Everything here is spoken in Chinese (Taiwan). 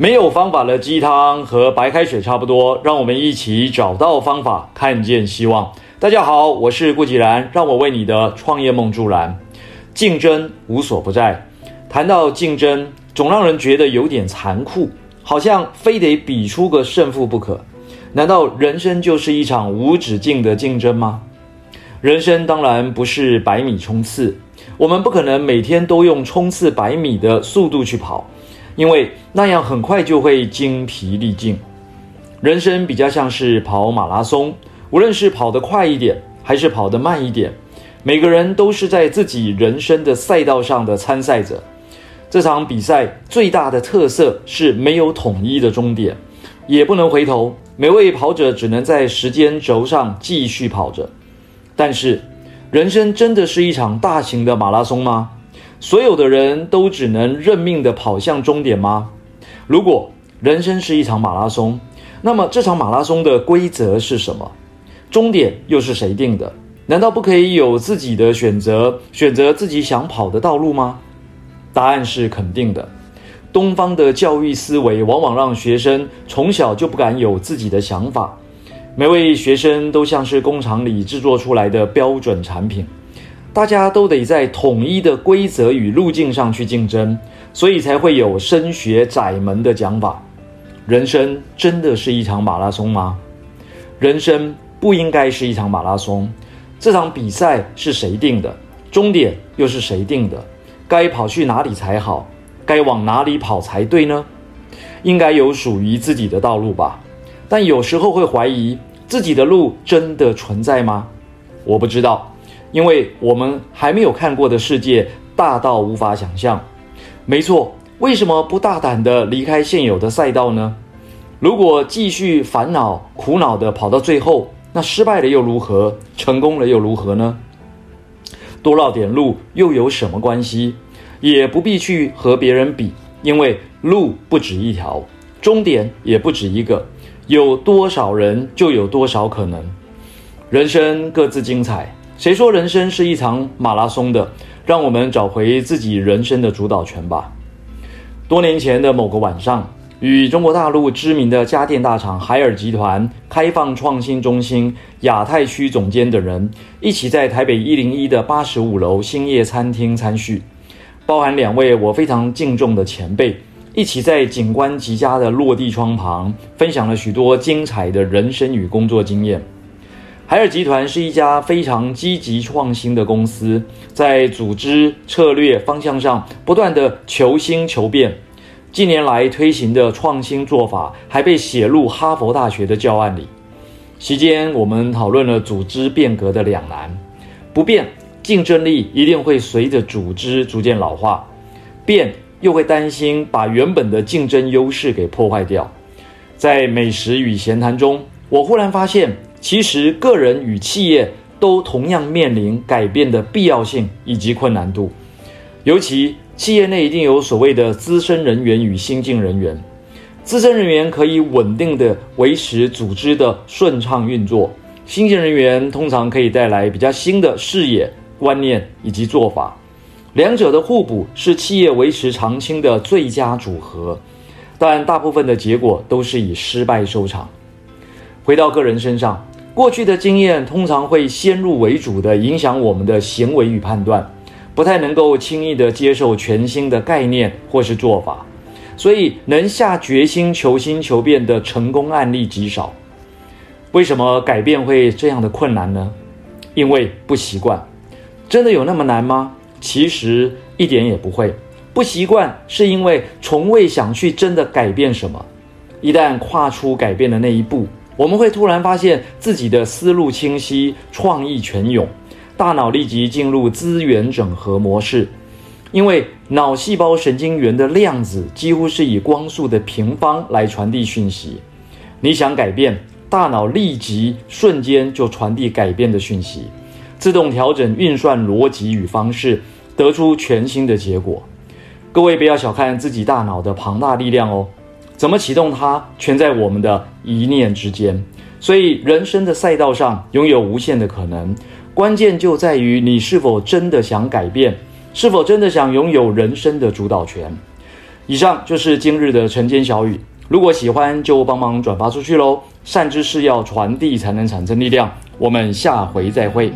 沒有方法的雞湯和白開水差不多，讓我們一起找到方法，看見希望。大家好，我是顧其然，讓我為你的創業夢助燃。競爭無所不在，談到競爭，總讓人覺得有點殘酷，好像非得比出個勝負不可。難道人生就是一場無止境的競爭嗎？人生當然不是百米衝刺，我們不可能每天都用衝刺百米的速度去跑。因為那樣很快就會精疲力盡。人生比較像是跑馬拉松，無論是跑得快一點，還是跑得慢一點，每個人都是在自己人生的賽道上的參賽者。這場比賽最大的特色是沒有統一的終點，也不能回頭，每位跑者只能在時間軸上繼續跑着。但是，人生真的是一場大型的馬拉松嗎？所有的人都只能認命地跑向終點嗎？如果人生是一場馬拉松，那麼這場馬拉松的規則是什麼？終點又是誰定的？難道不可以有自己的選擇，選擇自己想跑的道路嗎？答案是肯定的。東方的教育思維往往讓學生從小就不敢有自己的想法，每位學生都像是工廠裡製作出來的標準產品。大家都得在統一的規則與路徑上去競爭，所以才會有升學窄門的講法。人生真的是一場馬拉松嗎？人生不應該是一場馬拉松。這場比賽是誰定的？終點又是誰定的？該跑去哪裡才好？該往哪裡跑才對呢？應該有屬於自己的道路吧。但有時候會懷疑自己的路真的存在嗎？我不知道。因為我們還沒有看過的世界大到無法想象。沒錯，為什麼不大膽的離開現有的賽道呢？如果繼續煩惱、苦惱的跑到最後，那失敗了又如何？成功了又如何呢？多繞點路又有什麼關係？也不必去和別人比，因為路不止一條，終點也不止一個，有多少人就有多少可能，人生各自精彩。誰說人生是一場馬拉松的？讓我們找回自己人生的主導權吧。多年前的某個晚上，與中國大陸知名的家電大廠海爾集團開放創新中心亞太區總監等人，一起在台北一零一的八十五樓欣葉餐廳餐敘，包含兩位我非常敬重的前輩，一起在景觀極佳的落地窗旁，分享了許多精彩的人生與工作經驗。海爾集團是一家非常積極創新的公司，在組織策略方向上不斷地求新求變。近年來推行的創新做法還被寫入哈佛大學的教案裡。期間，我們討論了組織變革的兩難：不變，競爭力一定會隨着組織逐漸老化；變，又會擔心把原本的競爭優勢給破壞掉。在美食與閒談中，我忽然發現。其實，個人與企業都同樣面臨改變的必要性以及困難度。尤其企業內一定有所謂的資深人員與新進人員，資深人員可以穩定的維持組織的順暢運作，新進人員通常可以帶來比較新的視野、觀念以及做法。兩者的互補是企業維持長青的最佳組合，但大部分的結果都是以失敗收場。回到個人身上。過去的經驗通常會先入為主的影響我們的行為與判斷，不太能夠輕易的接受全新的概念或是做法，所以能下決心求新求變的成功案例極少。為什麼改變會這樣的困難呢？因為不習慣。真的有那麼難嗎？其實一點也不會。不習慣是因為從未想去真的改變什麼，一旦跨出改變的那一步。我們會突然發現自己的思路清晰、創意泉湧，大腦立即進入資源整合模式，因為腦細胞神經元的量子幾乎是以光速的平方來傳遞訊息。你想改變，大腦立即瞬間就傳遞改變的訊息，自動調整運算邏輯與方式，得出全新的結果。各位不要小看自己大腦的龐大力量哦。怎麼啟動它，全在我們的一念之間。所以人生的賽道上擁有無限的可能，關鍵就在於你是否真的想改變，是否真的想擁有人生的主導權。以上就是今日的晨間小語，如果喜歡就幫忙轉發出去嘍。善知識要傳遞才能產生力量。我們下回再會。